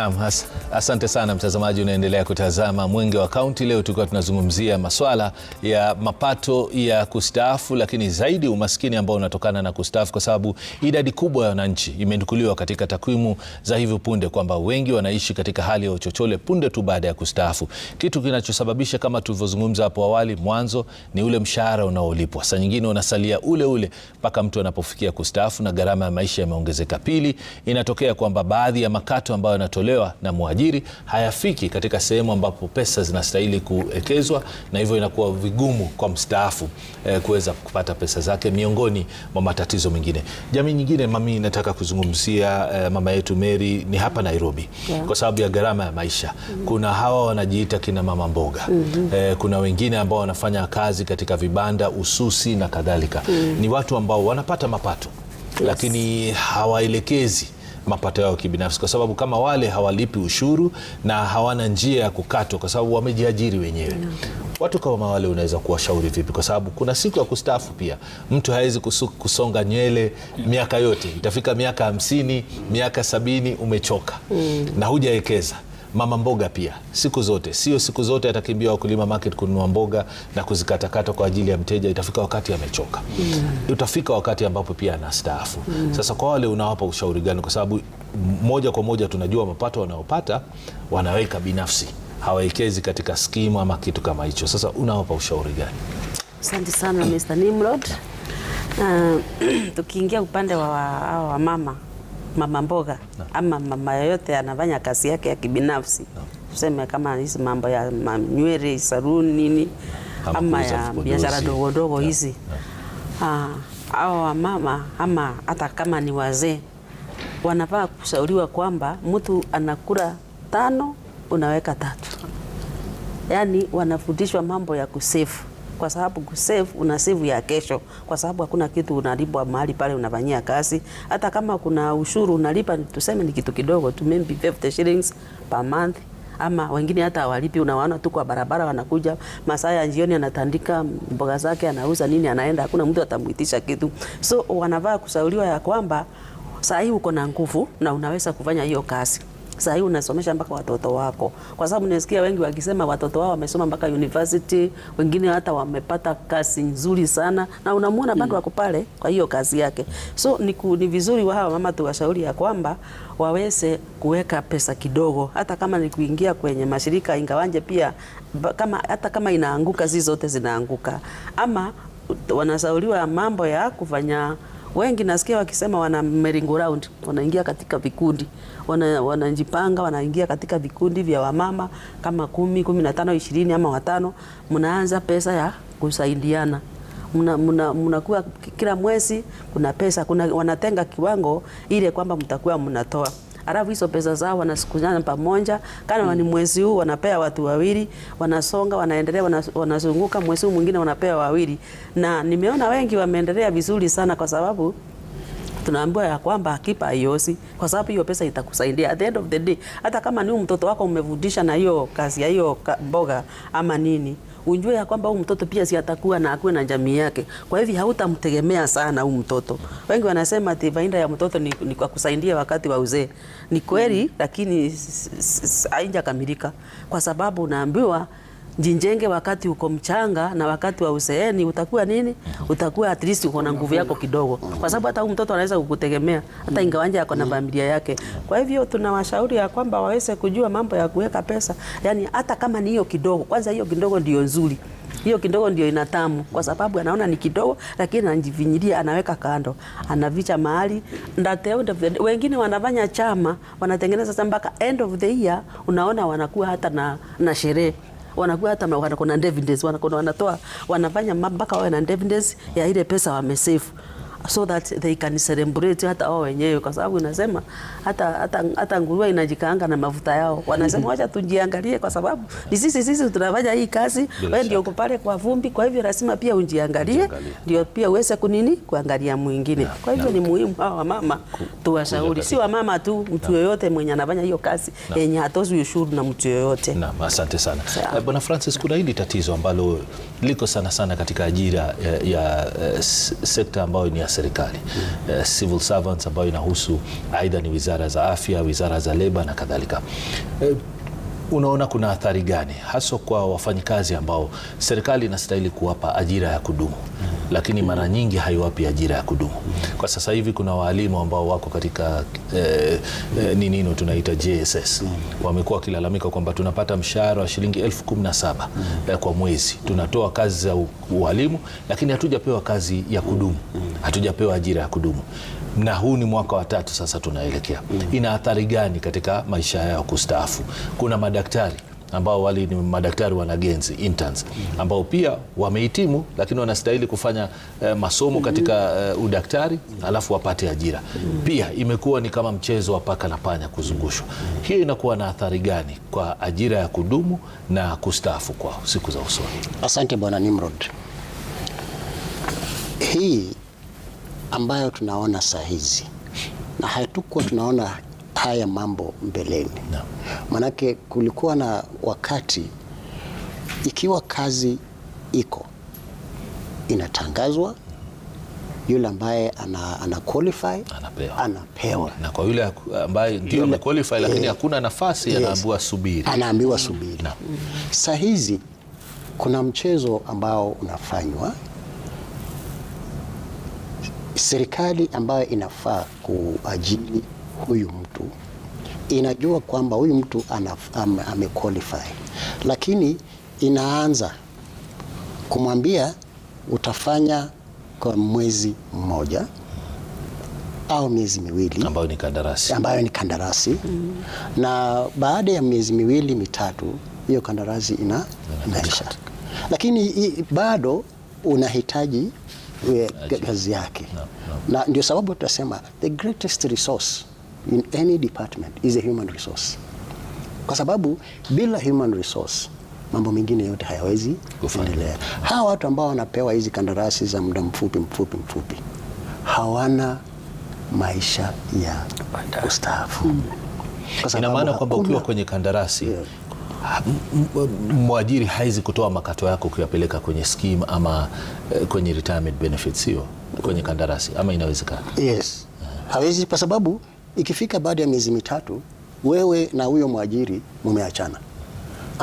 Selam Hasan. Asante sana mtazamaji, unaendelea kutazama Mwenge wa Kaunti. Leo tulikuwa tunazungumzia maswala ya mapato ya kustaafu, lakini zaidi umaskini ambao unatokana na kustaafu, kwa sababu idadi kubwa ya wananchi imenukuliwa katika takwimu za hivi punde kwamba wengi wanaishi katika hali ya uchochole punde tu baada ya kustaafu, kitu kinachosababisha kama tulivyozungumza hapo awali mwanzo ni ule mshahara unaolipwa. Saa nyingine unasalia ule ule mpaka mtu anapofikia kustaafu na gharama ya maisha yameongezeka. Pili, inatokea kwamba baadhi ya makato ambayo yanatolewa na mwaji utajiri hayafiki katika sehemu ambapo pesa zinastahili kuwekezwa, na hivyo inakuwa vigumu kwa mstaafu eh, kuweza kupata pesa zake, miongoni mwa matatizo mengine. Jamii nyingine mami, nataka kuzungumzia eh, mama yetu Mary ni hapa Nairobi yeah. kwa sababu ya gharama ya maisha mm -hmm. kuna hawa wanajiita kina mama mboga mm -hmm. eh, kuna wengine ambao wanafanya kazi katika vibanda, ususi na kadhalika mm -hmm. ni watu ambao wanapata mapato yes. lakini hawaelekezi mapato yao kibinafsi, kwa sababu kama wale hawalipi ushuru na hawana njia ya kukatwa, kwa sababu wamejiajiri wenyewe no. Watu kama wale unaweza kuwashauri vipi? Kwa sababu kuna siku ya kustaafu pia. Mtu hawezi kusonga nywele miaka yote, itafika miaka hamsini, miaka sabini, umechoka mm. na hujawekeza mama mboga pia siku zote, sio siku zote atakimbia wakulima market kununua mboga na kuzikatakata kwa ajili ya mteja. Itafika wakati amechoka, mm. utafika wakati ambapo pia anastaafu. Mm. Sasa kwa wale unawapa ushauri gani? Kwa sababu moja kwa moja tunajua mapato wanayopata wanaweka binafsi, hawawekezi katika skimu ama kitu kama hicho. Sasa unawapa ushauri gani? Asante sana Mr. Nimrod. Uh, tukiingia upande wa, wa, wa mama mama mboga no. ama mama yoyote anafanya kazi yake ya kibinafsi no. tuseme kama hizi mambo ya manywele saluni nini no. ama ya biashara ndogo ndogo hizi au ah, wamama ama hata kama ni wazee wanafaa kushauriwa kwamba mtu anakula tano unaweka tatu, yaani wanafundishwa mambo ya kusefu kwa sababu kusave una save ya kesho, kwa sababu hakuna kitu unalipwa mahali pale unafanyia kazi. Hata kama kuna ushuru unalipa, tuseme ni kitu kidogo tu, maybe 50 shillings per month ama wengine hata hawalipi. Unawaona tu kwa barabara, wanakuja masaa ya jioni, anatandika mboga zake, anauza nini, anaenda, hakuna mtu atamuitisha kitu. So wanavaa kusauliwa ya kwamba saa hii uko na nguvu na unaweza kufanya hiyo kazi saa hii unasomesha mpaka watoto wako, kwa sababu nimesikia wengi wakisema watoto wao wamesoma mpaka university, wengine hata wamepata kazi nzuri sana, na unamwona bado wako mm. pale kwa hiyo kazi yake. So ni, ku, ni vizuri hawa mama tuwashauri ya kwamba waweze kuweka pesa kidogo, hata kama ni kuingia kwenye mashirika ingawanje, pia kama hata kama inaanguka, zi zote zinaanguka, ama wanashauriwa mambo ya kufanya Wengi nasikia wakisema wana meringo round, wanaingia katika vikundi, wanajipanga, wana wanaingia katika vikundi vya wamama kama kumi, kumi na tano, ishirini ama watano, mnaanza pesa ya kusaidiana mnakuwa muna, muna kila mwezi kuna pesa kuna, wanatenga kiwango ile kwamba mtakuwa mnatoa alafu hizo pesa zao wanasikunyana pamoja, mm. ni mwezi huu wanapea watu wawili, wanasonga wanaendelea, wanazunguka, mwezi huu mwingine wanapea wawili, na nimeona wengi wameendelea vizuri sana kwa sababu tunaambiwa ya kwamba akipa haiosi, kwa sababu hiyo pesa itakusaidia at the end of the day. Hata kama ni mtoto wako umevudisha na hiyo kazi ya hiyo mboga ama nini ujue ya kwamba huyu mtoto pia si atakuwa na akuwe na jamii yake. Kwa hivyo hautamtegemea sana huyu mtoto. Wengi wanasema ati vainda ya mtoto ni, ni kwa kusaidia wakati wa uzee. Ni kweli, lakini haijakamilika kwa sababu unaambiwa jinjenge wakati uko mchanga na wakati wa useeni utakuwa nini? Utakuwa at least uko na nguvu yako kidogo, kwa sababu hata huyu mtoto anaweza kukutegemea hata ingawanja ako na familia yake. Kwa hivyo tunawashauri ya kwamba waweze kujua mambo ya kuweka pesa, yani hata kama ni hiyo kidogo, kwanza hiyo kidogo ndio nzuri hiyo kidogo ndio inatamu, kwa sababu anaona ni kidogo, lakini anajivinyilia, anaweka kando, anavicha mahali. Wengine wanafanya chama, wanatengeneza sasa, mpaka end of the year unaona wanakuwa hata na, na sherehe wanakuwa hata wanakona na wanakona wanatoa wanafanya mpaka wawe na dividends ya ile pesa wamesefu so that they can celebrate hata wao wenyewe, kwa sababu inasema hata hata hata nguruwe inajikaanga na mafuta yao. Wanasema wacha tujiangalie, kwa sababu ni sisi sisi tunafanya hii kazi, wewe ndio uko pale kwa vumbi. Kwa hivyo lazima pia ujiangalie, ndio pia uweze kunini kuangalia mwingine. Kwa hivyo ni muhimu hawa wamama tuwashauri, si wamama tu, mtu yoyote mwenye anafanya hiyo kazi yenye hatozi ushuru na mtu yoyote. Naam, asante sana eh, Bwana Francis, kuna hili tatizo ambalo liko sana sana katika ajira eh, ya, ya, eh, ya sekta ambayo ni serikali mm. uh, civil servants ambayo inahusu aidha ni wizara za afya, wizara za leba na kadhalika. Uh, unaona kuna athari gani haswa kwa wafanyikazi ambao serikali inastahili kuwapa ajira ya kudumu lakini mara nyingi haiwapi ajira ya kudumu. Kwa sasa hivi kuna waalimu ambao wako katika eh, eh, ninino tunaita JSS wamekuwa wakilalamika kwamba tunapata mshahara wa shilingi elfu kumi na saba eh, kwa mwezi, tunatoa kazi za ualimu lakini hatujapewa kazi ya kudumu, hatujapewa ajira ya kudumu na huu ni mwaka wa tatu sasa tunaelekea, mm. ina athari gani katika maisha yao kustaafu? Kuna madaktari ambao wali ni madaktari wanagenzi interns mm. ambao pia wamehitimu lakini wanastahili kufanya eh, masomo mm-hmm. katika eh, udaktari mm. alafu wapate ajira pia. Imekuwa ni kama mchezo wa paka na panya kuzungushwa. Hiyo inakuwa na athari gani kwa ajira ya kudumu na kustaafu kwao siku za usoni? Asante Bwana Nimrod. Hii ambayo tunaona saa hizi na hatukuwa tunaona haya mambo mbeleni no. Manake kulikuwa na wakati ikiwa kazi iko inatangazwa yule ambaye ana, ana qualify anapewa, anapewa. Na kwa yule ambaye ndio ame qualify lakini eh. hakuna eh, nafasi anaambiwa subiri, anaambiwa subiri. Saa hizi kuna mchezo ambao unafanywa serikali ambayo inafaa kuajili huyu mtu inajua kwamba huyu mtu amequalify lakini inaanza kumwambia utafanya kwa mwezi mmoja au miezi miwili ambayo ni kandarasi, ambayo ni kandarasi. Mm. Na baada ya miezi miwili mitatu hiyo kandarasi ina inaisha, lakini bado unahitaji kazi yake no, no. Na ndio sababu tutasema the greatest resource in any department is a human resource, kwa sababu bila human resource mambo mengine yote hayawezi kuendelea. Hawa watu ambao wanapewa hizi kandarasi za muda mfupi mfupi mfupi hawana maisha ya ustaafu. Hmm. Ina maana kwamba ukiwa kwenye kandarasi yeah. Ah, mwajiri haizi kutoa makato yako kuyapeleka kwenye scheme ama eh, kwenye retirement benefits, hiyo kwenye kandarasi, ama inawezekana? Yes, hawezi kwa sababu ikifika baada ya miezi mitatu wewe na huyo mwajiri mumeachana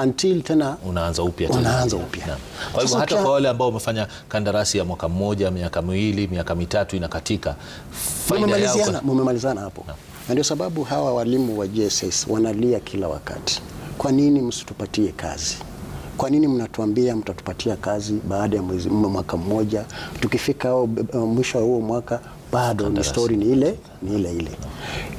until tena unaanza upya tena, unaanza upya. Kwa hivyo hata kwa wale ambao wamefanya kandarasi ya mwaka mmoja, miaka miwili, miaka mitatu inakatika, mumemalizana hapo, na ndio sababu hawa walimu wa JSS wanalia kila wakati kwa nini msitupatie kazi? Kwa nini mnatuambia mtatupatia kazi baada ya mwezi mwaka mmoja, tukifika uh, mwisho wa huo mwaka bado ni stori ni ile ni ile ile.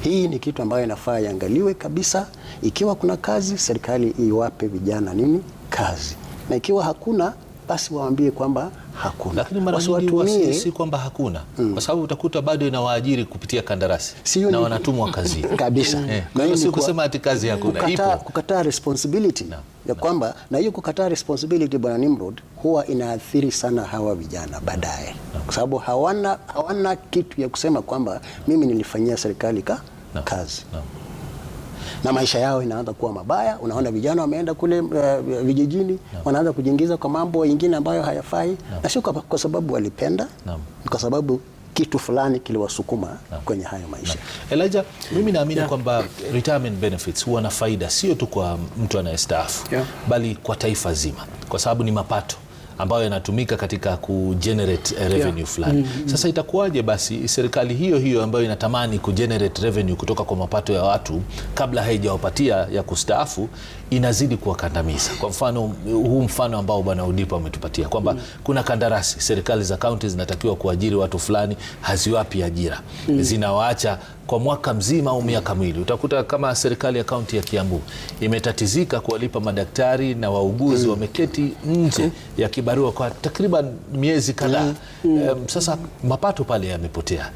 Hii ni kitu ambayo inafaa iangaliwe kabisa. Ikiwa kuna kazi, serikali iwape vijana nini kazi, na ikiwa hakuna, basi waambie kwamba hakuna. Lakini mara nyingi si kwamba hakuna mm. kwa sababu utakuta bado inawaajiri kupitia kandarasi Siyo na wanatumwa kazi kabisa eh, na si kusema ati kazi hakuna kukataa, ipo. Kukataa responsibility na, ya kwamba na, na hiyo kukataa responsibility Bwana Nimrod huwa inaathiri sana hawa vijana baadaye, kwa sababu hawana, hawana kitu ya kusema kwamba mimi nilifanyia serikali ka, na, kazi na na maisha yao inaanza kuwa mabaya. Unaona vijana wameenda kule uh, vijijini no. wanaanza kujiingiza kwa mambo mengine ambayo hayafai no. na sio kwa sababu walipenda no. kwa sababu kitu fulani kiliwasukuma no. kwenye hayo maisha no. Elijah, mimi naamini yeah. kwamba retirement benefits huwa na faida sio tu kwa mtu anayestaafu yeah. bali kwa taifa zima, kwa sababu ni mapato ambayo yanatumika katika kugenerate eh, revenue yeah, fulani mm -hmm. Sasa itakuwaje basi serikali hiyo hiyo ambayo inatamani kugenerate revenue kutoka kwa mapato ya watu kabla haijawapatia ya kustaafu inazidi kuwakandamiza. Kwa mfano huu mfano ambao bwana Udipa ametupatia kwamba mm. kuna kandarasi, serikali za kaunti zinatakiwa kuajiri watu fulani, haziwapi ajira mm. zinawaacha kwa mwaka mzima au miaka miwili. Utakuta kama serikali ya kaunti ya Kiambu imetatizika kuwalipa madaktari na wauguzi mm. wameketi nje mm. ya kibarua kwa takriban miezi kadhaa mm. mm. Sasa mapato pale yamepotea.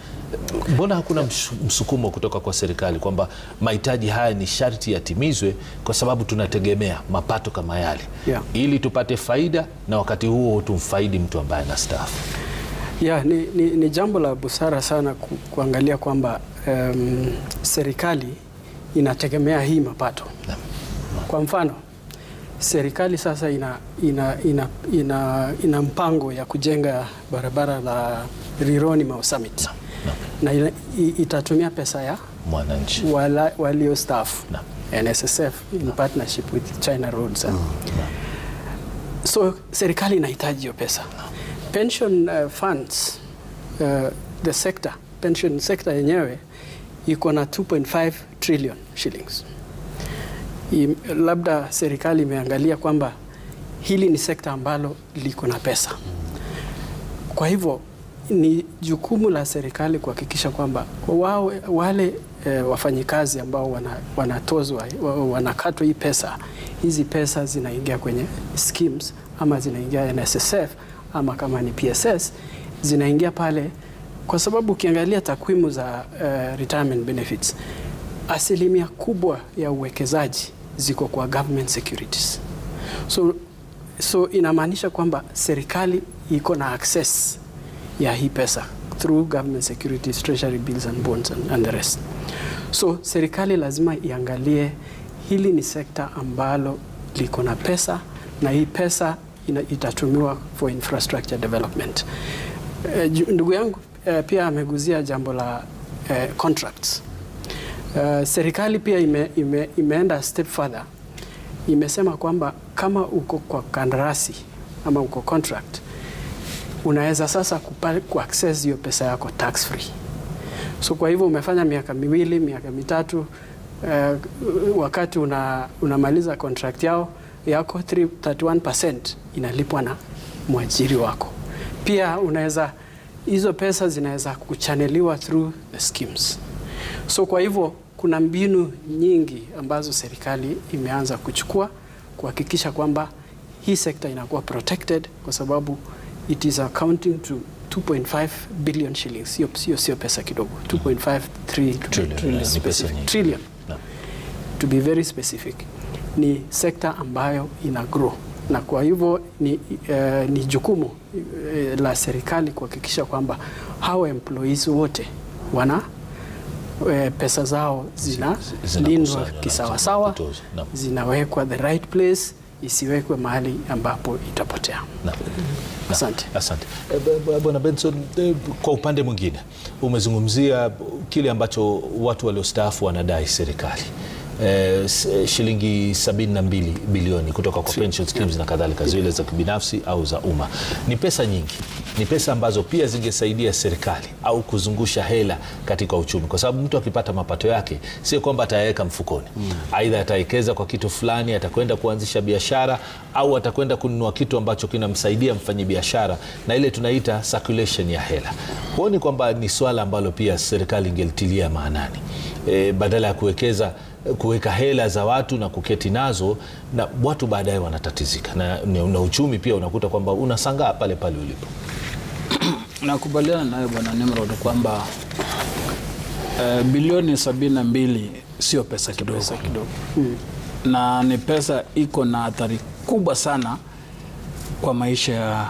Mbona hakuna msukumo kutoka kwa serikali kwamba mahitaji haya ni sharti yatimizwe, kwa sababu tunategemea mapato kama yale yeah, ili tupate faida na wakati huo tumfaidi mtu ambaye anastaafu? Yeah, ni, ni, ni jambo la busara sana ku, kuangalia kwamba um, serikali inategemea hii mapato yeah. Kwa mfano serikali sasa ina, ina, ina, ina, ina mpango ya kujenga barabara la Rironi Mau Summit yeah na itatumia pesa ya mwananchi waliostaafu NSSF in partnership with China Roads. Eh. Mm. So serikali inahitaji hiyo pesa. Pension uh, funds uh, the sector pension sector yenyewe iko na 2.5 trillion shillings. I, labda serikali imeangalia kwamba hili ni sekta ambalo liko na pesa, mm. kwa hivyo ni jukumu la serikali kuhakikisha kwamba wao wale e, wafanyikazi ambao wana, wanatozwa wanakatwa hii pesa, hizi pesa zinaingia kwenye schemes ama zinaingia NSSF ama kama ni PSS zinaingia pale, kwa sababu ukiangalia takwimu za uh, retirement benefits, asilimia kubwa ya uwekezaji ziko kwa government securities, so, so inamaanisha kwamba serikali iko na access ya hii pesa through government securities, treasury bills and bonds and, and the rest. So serikali lazima iangalie hili ni sekta ambalo liko na pesa na hii pesa ina, itatumiwa for infrastructure development. Uh, ndugu yangu uh, pia ameguzia jambo la uh, contracts. Uh, serikali pia ime, ime, imeenda step further. Imesema kwamba kama uko kwa kandarasi ama uko contract unaweza sasa kuaccess hiyo pesa yako tax free. So kwa hivyo umefanya miaka miwili, miaka mitatu uh, wakati una, unamaliza contract yao yako 31% inalipwa na mwajiri wako. Pia unaweza hizo pesa zinaweza kuchaneliwa through the schemes. So kwa hivyo kuna mbinu nyingi ambazo serikali imeanza kuchukua kuhakikisha kwamba hii sekta inakuwa protected kwa sababu it is accounting to 2.5 billion shillings, sio sio pesa kidogo, 2.53 mm. trillion eh, to be very specific, ni sekta ambayo ina grow na kwa hivyo ni, uh, ni jukumu eh, la serikali kuhakikisha kwamba hawa employees wote wana uh, pesa zao zinalindwa kisawasawa, zinawekwa the right place isiwekwe mahali ambapo itapotea. Asante. Asante. Eh, Bwana Benson, eh, kwa upande mwingine umezungumzia kile ambacho watu waliostaafu wanadai serikali eh, shilingi 72 bilioni kutoka kwa pension schemes na kadhalika, zile za kibinafsi au za umma. Ni pesa nyingi, ni pesa ambazo pia zingesaidia serikali au kuzungusha hela katika uchumi, kwa sababu mtu akipata mapato yake sio kwamba atayaweka mfukoni mm. Aidha atawekeza kwa kitu fulani, atakwenda kuanzisha biashara au atakwenda kununua kitu ambacho kinamsaidia mfanyabiashara, na ile tunaita circulation ya hela. Huoni kwamba ni swala ambalo pia serikali ingelitilia maanani e, badala ya kuwekeza kuweka hela za watu na kuketi nazo, na watu baadaye wanatatizika na, na uchumi pia unakuta kwamba unasangaa pale pale ulipo. Nakubaliana naye Bwana Nimrod kwamba uh, bilioni sabini na mbili sio pesa kidogo kidogo, hmm. na ni pesa iko na athari kubwa sana kwa maisha ya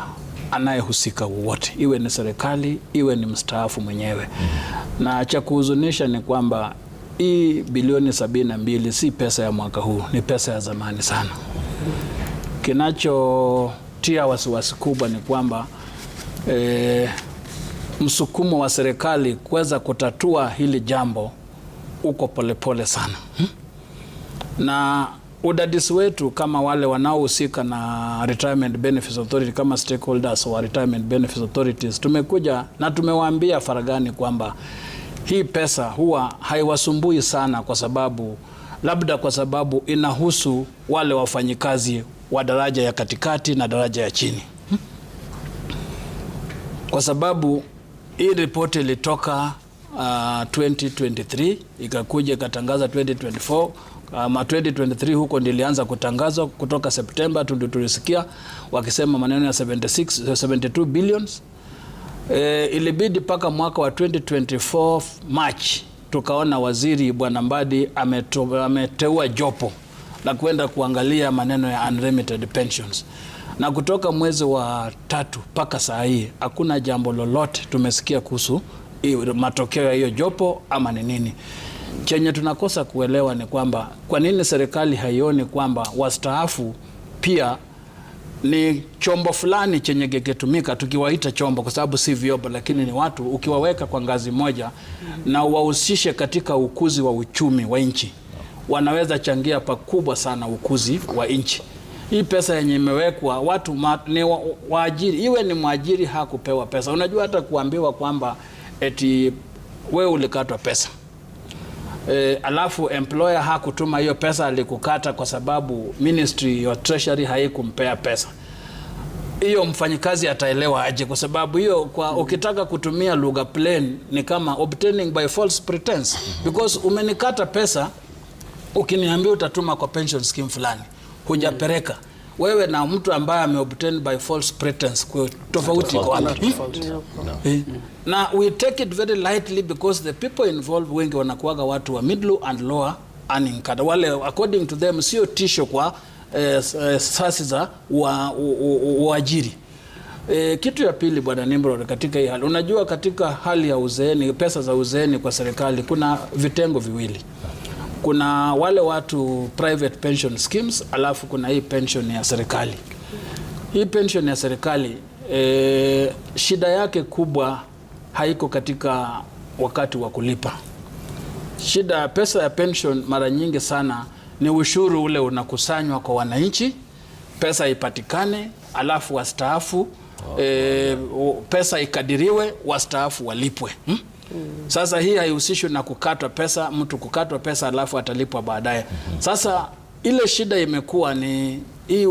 anayehusika wowote, iwe ni serikali, iwe ni mstaafu mwenyewe. Hmm. Na cha kuhuzunisha ni kwamba hii bilioni sabini na mbili si pesa ya mwaka huu, ni pesa ya zamani sana. Kinachotia wasiwasi kubwa ni kwamba e, msukumo wa serikali kuweza kutatua hili jambo uko polepole sana hmm? na udadisi wetu kama wale wanaohusika na Retirement Benefits Authority kama stakeholders wa Retirement Benefits Authorities tumekuja na tumewaambia faragani kwamba hii pesa huwa haiwasumbui sana, kwa sababu labda kwa sababu inahusu wale wafanyikazi wa daraja ya katikati na daraja ya chini, kwa sababu hii ripoti ilitoka uh, 2023 ikakuja ikatangaza 2024 ama um, 2023 huko ndilianza kutangazwa kutoka Septemba, tulisikia wakisema maneno ya 76 72 billions Eh, ilibidi mpaka mwaka wa 2024 March tukaona waziri Bwana Mbadi ameteua jopo la kwenda kuangalia maneno ya unlimited pensions na kutoka mwezi wa tatu mpaka saa hii hakuna jambo lolote tumesikia kuhusu matokeo ya hiyo jopo ama ni nini. Chenye tunakosa kuelewa ni kwamba kwa nini serikali haioni kwamba wastaafu pia ni chombo fulani chenye gegetumika tukiwaita chombo kwa sababu si vyombo, lakini ni watu, ukiwaweka kwa ngazi moja na uwahusishe katika ukuzi wa uchumi wa nchi, wanaweza changia pakubwa sana ukuzi wa nchi. Hii pesa yenye imewekwa watu ma, ni wa, waajiri, iwe ni mwajiri hakupewa pesa. Unajua hata kuambiwa kwamba eti wewe ulikatwa pesa E, alafu employer hakutuma hiyo pesa, alikukata kwa sababu ministry ya treasury haikumpea pesa hiyo, mfanyikazi ataelewa aje? Kwa sababu hiyo kwa mm. ukitaka kutumia lugha plain ni kama obtaining by false pretense, mm-hmm. because umenikata pesa ukiniambia utatuma kwa pension scheme fulani, hujapeleka wewe na mtu ambaye ameobtain by false pretense kwa tofauti kwa watu eh? na we take it very lightly because the people involved wengi wanakuaga watu wa middle and lower earning cadre, wale according to them sio tisho kwa eh, eh sasi za waajiri. E, eh, kitu ya pili Bwana Nimrod, katika hii hali unajua, katika hali ya uzeeni, pesa za uzeeni kwa serikali kuna vitengo viwili kuna wale watu private pension schemes, alafu kuna hii pension ya serikali. Hii pension ya serikali e, shida yake kubwa haiko katika wakati wa kulipa. Shida ya pesa ya pension mara nyingi sana ni ushuru ule unakusanywa kwa wananchi, pesa ipatikane, alafu wastaafu oh, e, pesa ikadiriwe, wastaafu walipwe hmm? Sasa hii haihusishwi na kukatwa pesa, mtu kukatwa pesa alafu atalipwa baadaye. Sasa ile shida imekuwa ni hii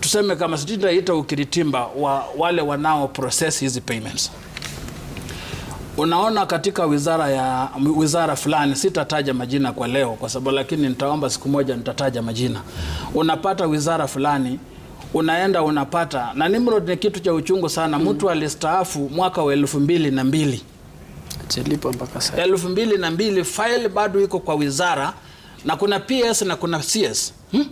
tuseme kama sitaita ukiritimba wa wale wanao process hizi payments. Unaona, katika wizara ya wizara fulani, sitataja majina kwa leo kwa sababu, lakini nitaomba siku moja nitataja majina. Unapata wizara fulani unaenda unapata, na Nimrod ni kitu cha uchungu sana. Mtu mm. alistaafu mwaka wa elfu mbili na mbili sijalipa mpaka sasa. elfu mbili na mbili file bado iko kwa wizara na kuna PS na kuna CS hmm?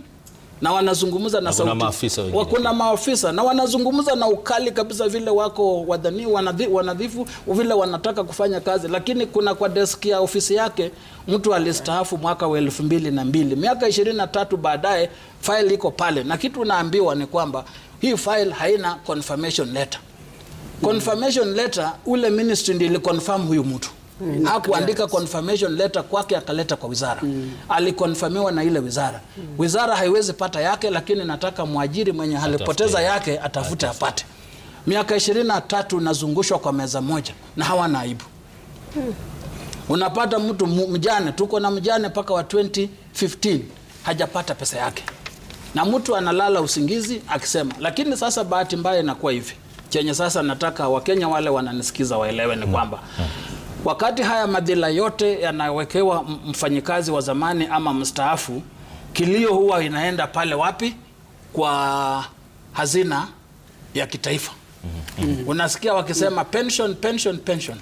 na wanazungumza na, na sauti. Maafisa kuna maafisa na wanazungumza na ukali kabisa, vile wako wadhani wanadhifu, wanadhifu vile wanataka kufanya kazi, lakini kuna kwa deski ya ofisi yake mtu alistaafu mwaka wa elfu mbili na mbili miaka ishirini na tatu baadaye file iko pale, na kitu naambiwa ni kwamba hii file haina confirmation letter confirmation letter ule ministry ndiye iliconfirm huyu mtu Mm. Hakuandika confirmation letter kwake akaleta kwa wizara mm. Alikonfirmiwa na ile wizara mm. Wizara haiwezi pata yake, lakini nataka mwajiri mwenye alipoteza yake atafute apate. Miaka ishirini na tatu nazungushwa kwa meza moja na hawana aibu mm. Unapata mtu mjane, tuko na mjane mpaka wa 2015 hajapata pesa yake, na mtu analala usingizi akisema. Lakini sasa bahati mbaya inakuwa hivi chenye sasa nataka Wakenya wale wananisikiza waelewe ni kwamba wakati haya madhila yote yanawekewa mfanyikazi wa zamani ama mstaafu, kilio huwa inaenda pale wapi? Kwa hazina ya kitaifa. Mm -hmm. Unasikia wakisema pension, pension, pension,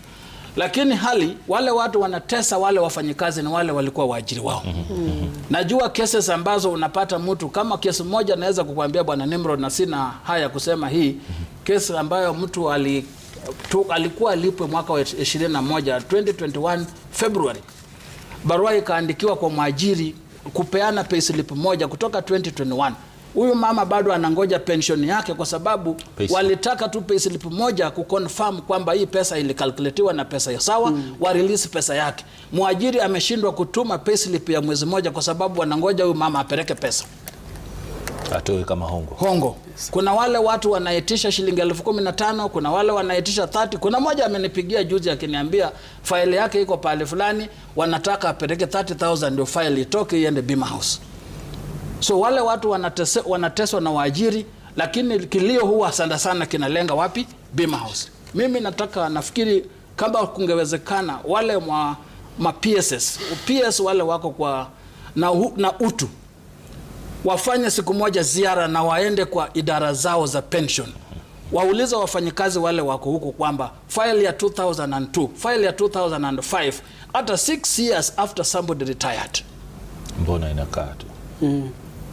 lakini hali wale watu wanatesa wale wafanyikazi ni wale walikuwa waajiri wao. mm -hmm. Najua cases ambazo unapata mtu kama kesi moja, naweza kukuambia bwana Nimrod, na sina haya kusema hii mm-hmm kesi ambayo mtu ali, tu, alikuwa alipwe mwaka wa 21 2021 February, barua ikaandikiwa kwa mwajiri kupeana payslip moja kutoka 2021. Huyu mama bado anangoja pension yake kwa sababu payslip. Walitaka tu payslip moja kuconfirm kwamba hii pesa ilikalkuletiwa na pesa ya sawa mm. Wa release pesa yake. Mwajiri ameshindwa kutuma payslip ya mwezi moja kwa sababu anangoja huyu mama apeleke pesa atoe kama hongo hongo. Kuna wale watu wanaitisha shilingi elfu kumi na tano kuna wale wanaitisha 30. Kuna mmoja amenipigia juzi akiniambia faili yake iko pale fulani, wanataka apeleke 30000 ndio faili itoke iende Bima House. So wale watu wanateswa, wanateswa na waajiri, lakini kilio huwa sana sana kinalenga wapi? Bima House. Mimi nataka nafikiri kama kungewezekana wale ma, ma PSS PS wale wako kwa na, na utu wafanye siku moja ziara na waende kwa idara zao za pension, waulize wafanyikazi wale wako huku kwamba file ya 2002 file ya 2005 hata 6 years after somebody retired, mbona inakaa tu mm.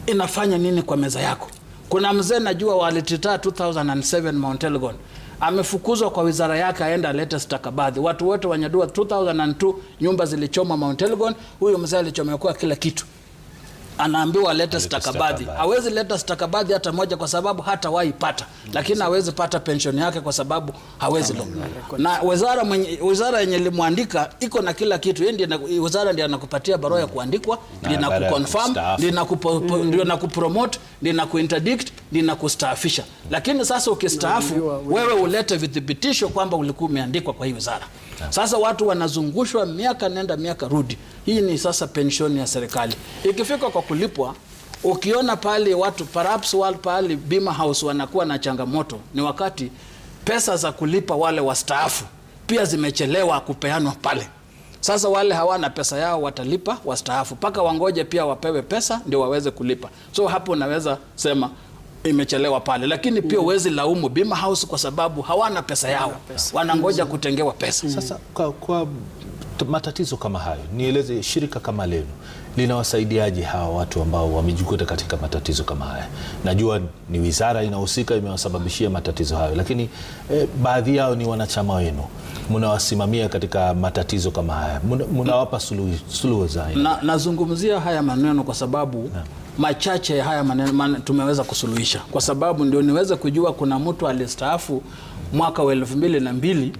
Inafanya nini kwa meza yako? Kuna mzee najua walititaa 2007 Mount Elgon amefukuzwa kwa wizara yake, aenda alete stakabadhi. Watu wote wanyadua 2002 nyumba zilichoma Mount Elgon, huyu mzee alichomekua kila kitu anaambiwa alete stakabadhi, hawezi leta stakabadhi hata moja, kwa sababu hata waipata, lakini hawezi pata penshoni yake kwa sababu hawezi lo. Na wizara mwenye wizara yenye limwandika iko na kila kitu, yeye ndiye wizara ndiye anakupatia barua ya kuandikwa, ndiye na kuconfirm, ndio mm. na kupromote, ndio na kuinterdict linakustaafisha, lakini sasa ukistaafu wewe ulete vithibitisho kwamba ulikuwa umeandikwa kwa hii wizara. Sasa watu wanazungushwa miaka nenda miaka rudi. Hii ni sasa pensioni ya serikali ikifika kwa kulipwa Ukiona pale watu perhaps wal pale Bima House wanakuwa na changamoto ni wakati pesa za kulipa wale wastaafu pia zimechelewa kupeanwa pale. Sasa wale hawana pesa yao watalipa wastaafu, mpaka wangoje pia wapewe pesa ndio waweze kulipa. So hapo unaweza sema imechelewa pale, lakini pia huwezi mm. laumu Bima House kwa sababu hawana pesa yao, pesa. wanangoja mm. kutengewa pesa mm. Sasa kwa, kwa matatizo kama hayo, nieleze shirika kama lenu linawasaidiaje hawa watu ambao wamejikuta katika matatizo kama haya? Najua ni wizara inahusika imewasababishia matatizo hayo, lakini eh, baadhi yao ni wanachama wenu, mnawasimamia katika matatizo kama haya, mnawapa suluhu za. Nazungumzia haya maneno kwa sababu na machache haya maneno man, tumeweza kusuluhisha, kwa sababu ndio niweze kujua kuna mtu alistaafu mwaka wa elfu mbili na mbili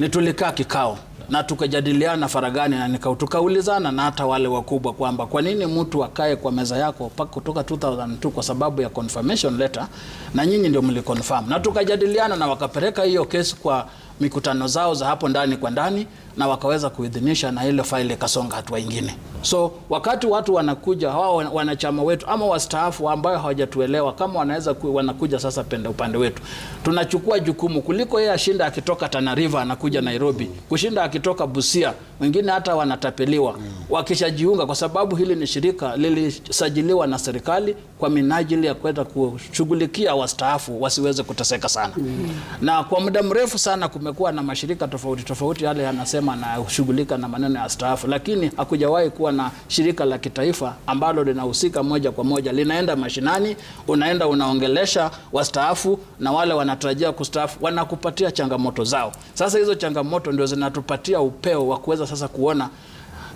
ni tulikaa kikao na tukajadiliana faragani na nika tukaulizana na hata wale wakubwa kwamba kwa nini mtu akae kwa meza yako paka kutoka 2002 kwa sababu ya confirmation letter, na nyinyi ndio mliconfirm, na tukajadiliana na wakapeleka hiyo kesi kwa mikutano zao za hapo ndani kwa ndani na wakaweza kuidhinisha na ile faili ikasonga hatua ingine. So wakati watu wanakuja hao wanachama wetu ama wastaafu ambao hawajatuelewa kama wanaweza kuwa wanakuja sasa penda upande wetu, tunachukua jukumu kuliko yeye ashinda akitoka Tana River anakuja Nairobi, kushinda akitoka Busia, wengine hata wanatapeliwa mm. wakishajiunga, kwa sababu hili ni shirika lilisajiliwa na serikali kwa minajili ya kwenda kushughulikia wastaafu wasiweze kuteseka sana mm. Na kwa muda mrefu sana kumekuwa na mashirika tofauti tofauti yale yanasema anashughulika na maneno ya wastaafu, lakini hakujawahi kuwa na shirika la kitaifa ambalo linahusika moja kwa moja, linaenda mashinani, unaenda unaongelesha wastaafu na wale wanatarajia kustaafu, wanakupatia changamoto zao. Sasa hizo changamoto ndio zinatupatia upeo wa kuweza sasa kuona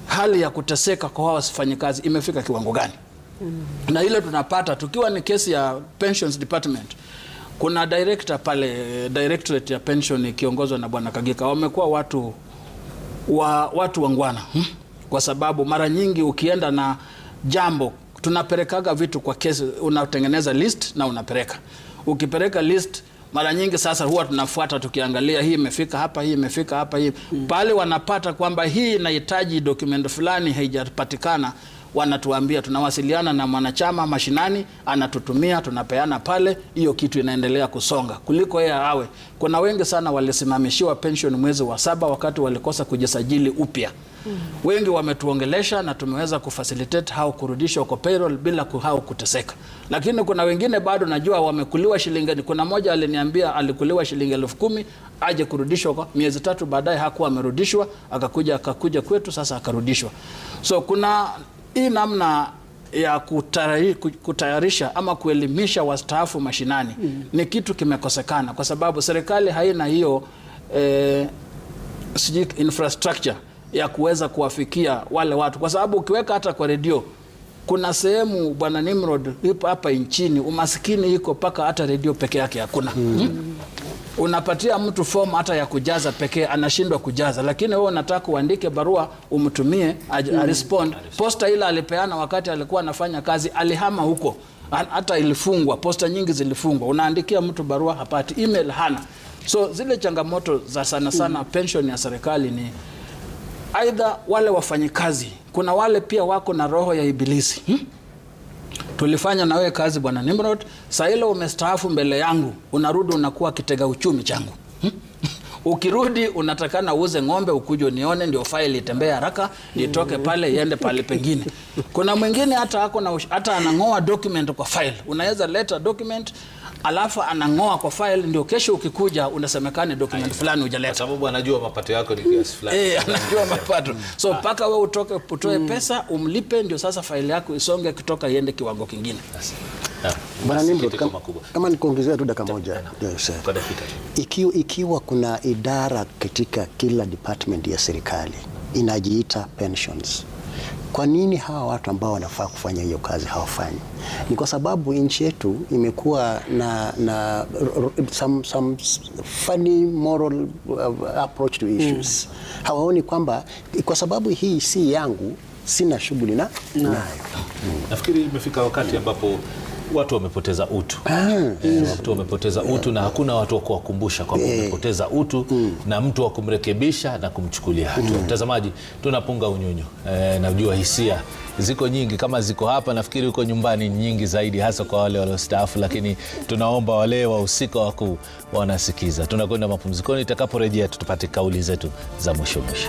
hali ya kuteseka kwa wafanyikazi imefika kiwango gani na ile tunapata tukiwa ni kesi ya pensions department kuna director pale directorate ya pension ikiongozwa na bwana Kagika, wamekuwa watu wa watu wangwana hmm? Kwa sababu mara nyingi ukienda na jambo tunapelekaga vitu kwa kesi, unatengeneza list na unapeleka. Ukipeleka list mara nyingi sasa huwa tunafuata tukiangalia, hii imefika hapa, hii imefika hapa, hii hmm. Pale wanapata kwamba hii inahitaji document fulani haijapatikana wanatuambia tunawasiliana na mwanachama mashinani, anatutumia tunapeana pale, hiyo kitu inaendelea kusonga kuliko yeye awe. Kuna wengi sana walisimamishiwa pension mwezi wa saba wakati walikosa kujisajili upya. Mm. Wengi wametuongelesha na tumeweza kufacilitate hao kurudishwa kwa payroll bila hao kuteseka, lakini kuna wengine bado najua wamekuliwa shilingi. Kuna mmoja aliniambia alikuliwa shilingi elfu kumi aje kurudishwa kwa miezi tatu baadaye hakuwa amerudishwa, akakuja akakuja kwetu sasa akarudishwa. So kuna hii namna ya kutayarisha ama kuelimisha wastaafu mashinani mm. ni kitu kimekosekana kwa sababu serikali haina hiyo eh, infrastructure ya kuweza kuwafikia wale watu, kwa sababu ukiweka hata kwa redio kuna sehemu bwana Nimrod, hapa nchini umasikini iko mpaka hata redio peke yake hakuna mm. hmm? hmm? unapatia mtu form hata ya kujaza pekee, anashindwa kujaza, lakini wewe unataka uandike barua umtumie a, mm. a respond. Posta ile alipeana wakati alikuwa anafanya kazi, alihama huko, hata ilifungwa, posta nyingi zilifungwa. Unaandikia mtu barua hapati, email hana. So zile changamoto za sana hmm. sana mm. pension ya serikali ni aidha wale wafanyikazi, kuna wale pia wako na roho ya ibilisi hmm? tulifanya nawe kazi bwana Nimrod. Saa hilo umestaafu mbele yangu, unarudi unakuwa kitega uchumi changu hmm? Ukirudi unatakana uuze ng'ombe ukuje nione, ndio faili itembee haraka itoke pale iende pale pengine. Kuna mwingine hata ako na hata anang'oa document kwa file, unaweza leta document alafu anang'oa kwa file, ndio kesho ukikuja unasemekana document fulani hujaleta, sababu anajua mapato yako ni kiasi fulani. Eh, anajua mapato so ah. mpaka wewe utoke utoe mm. pesa umlipe, ndio sasa file yako isonge kutoka iende kiwango kingine. Ah, ah, Bwana Nimrod, kama, nikuongezea tu dakika moja Ikiwa, ikiwa kuna idara katika kila department ya serikali inajiita pensions kwa nini hawa watu ambao wanafaa kufanya hiyo kazi hawafanyi? Ni kwa sababu nchi yetu imekuwa na, na some, some funny moral uh, approach to issues mm. Hawaoni kwamba kwa sababu hii si yangu, sina shughuli na nayo. Nafikiri imefika wakati ambapo watu wamepoteza utu mm. E, watu wamepoteza utu yeah. Na hakuna watu wa kuwakumbusha kwamba eh. Wamepoteza utu mm. Na mtu wa kumrekebisha na kumchukulia hatua mm. Mtazamaji, tunapunga unyunyu e, najua hisia ziko nyingi, kama ziko hapa nafikiri huko nyumbani nyingi zaidi, hasa kwa wale waliostaafu, lakini tunaomba wale wahusika wakuu wanasikiza. Tunakwenda mapumzikoni, itakaporejea tutapate kauli zetu za mwisho mwisho.